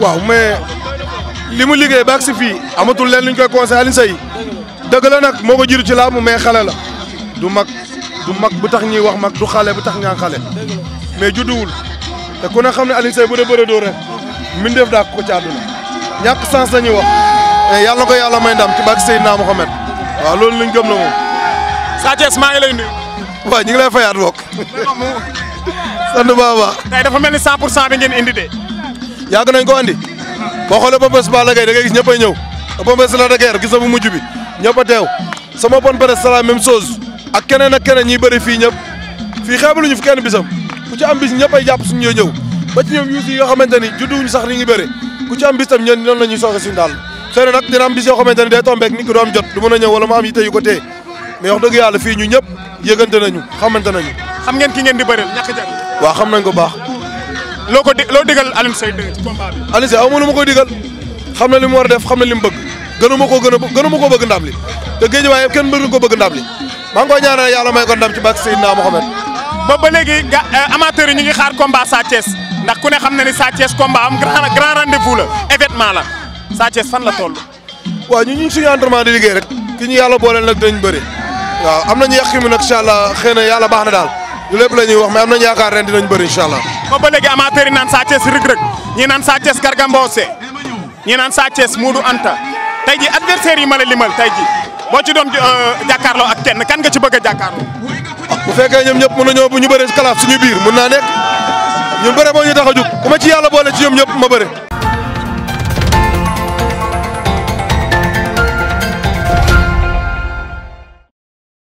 waaw mais limu mu liggéey ba si fii amatul leen lu koy conseil Alioune sey deug la nak moko jiru jiitu ci laamu mais xale la du mak du mak, bu tax ñi wax mak du xale bu tax ñaa xale mais judduwul te ku na xam ne sey bu de beure do rek mbindeef da ko ci aduna ñak sans lañu wax mais yalla ko yalla may ndam ci bàq Seydina muhammad waaw loolu luñ gëm la mo satias ma ngi lay nuyu. waaw ñi ngi lay fayat bok sandu baba tay dafa melni 100 bi ngeen indi de yag nañ ko andi boo xoolee ba la gay da ngay gis ñëpp ñew ñëw Pampas la Daguerre gis na bu mujju bi ñëpp tew sama bon bare salam même chose ak keneen ak keneen ñi bari fi ñëpp fi xébaluñu fi kenn bisam ku ci am bis ñëpp japp suñu ñoo ñew ba ci ñoom yu ci yo xamanteni ni judduwuñu sax ni ngi bari ku ci am bis tam ñen non la soxé suñu dal xéne nak dina am bis yo xamanteni ni day tombeek ni ko doom jot du mën ñew wala ma am yite yu ko téye mais wax deug yalla fi ñu ñëpp yëgante nañu xamante nañu xam ngeen ki ngeen di bëreel ñak jàng wa xam nañ ko baax loo ko di loo digal Alioune Seye ci combat bi. Alioune Seye aw ma nu ma koy digal xam na li mu war a def xam na li mu bëgg gënu ma koo gën a gënu ma koo bëgg ndam li te géej waaye kenn mbëri ko bëgg ndam li maa ngi koy ñaanal yàlla may ko ndam ci bàkk Seydina Mohamed. boobu ba léegi ga euh, amateurs yi ñu ngi xaar combat Sa Thiès ndax ku ne xam na ni Sa Thiès combat am grand grand rendez-vous la événement la Sa Thiès fan la toll. waaw ñu ñu suñu entraînement di liggéey rek ki ñu yàlla booleel nag dinañ bëri waaw am nañu yàq mi nag incha allah xëy na lépp la ñuy wax mais am nañu yaakaar ren dinañ bëri incha allah. ba ba léegi amateur yi naan Sa Thiès Reug Reug ñi naan Sa Thiès Garga Anta tey ji adversaire ma la limal tey ji boo ci doon euh, jàkkaarloo ak kenn kan nga ci bëgg a jàkkaarloo. fekkee ñoom ñëpp mën nañoo bu ñu bëree kalaaf suñu biir mën naa nekk ñun bëre boo ñu tax a jug ci yàlla boole ci ñoom ñëpp ma bëre.